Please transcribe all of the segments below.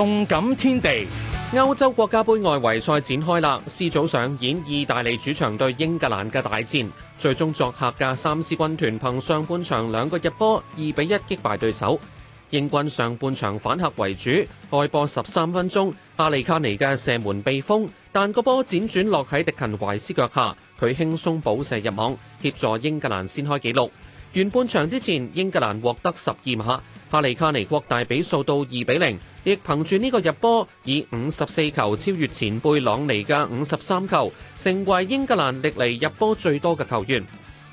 動感天地，歐洲國家盃外圍賽展開啦，C 組上演意大利主場對英格蘭嘅大戰，最終作客嘅三獅軍團憑上半場兩個入波，二比一擊敗對手。英軍上半場反客為主，開波十三分鐘，阿利卡尼嘅射門被封，但個波輾轉落喺迪勤懷斯腳下，佢輕鬆補射入網，協助英格蘭先開紀錄。完半場之前，英格蘭獲得十二碼，哈利卡尼擴大比數到二比零，亦憑住呢個入波以五十四球超越前輩朗尼嘅五十三球，成為英格蘭歷嚟入波最多嘅球員。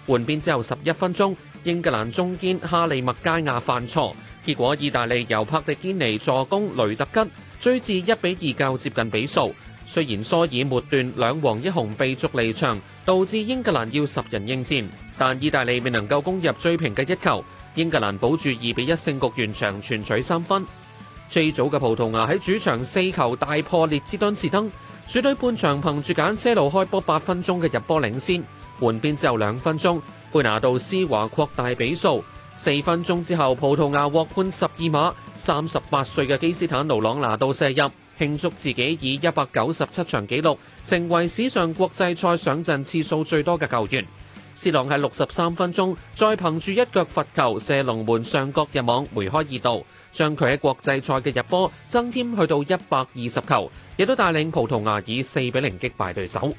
換邊之後十一分鐘，英格蘭中堅哈利麥加亞犯錯，結果意大利由帕迪堅尼助攻雷特吉追至一比二，較接近比數。雖然蘇爾末段兩黃一紅被逐離場，導致英格蘭要十人應戰，但意大利未能夠攻入追平嘅一球，英格蘭保住二比一勝局完場，全取三分。最早嘅葡萄牙喺主場四球大破列支敦士登，主隊半場憑住簡車路開波八分鐘嘅入波領先，換邊之後兩分鐘，貝拿度斯華擴大比數，四分鐘之後葡萄牙獲判十二碼，三十八歲嘅基斯坦奴朗拿度射入。慶祝自己以一百九十七場紀錄，成為史上國際賽上陣次數最多嘅球員。C 朗喺六十三分鐘，再憑住一腳罰球射龍門上角入網，梅開二度，將佢喺國際賽嘅入波增添去到一百二十球，亦都帶領葡萄牙以四比零擊敗對手。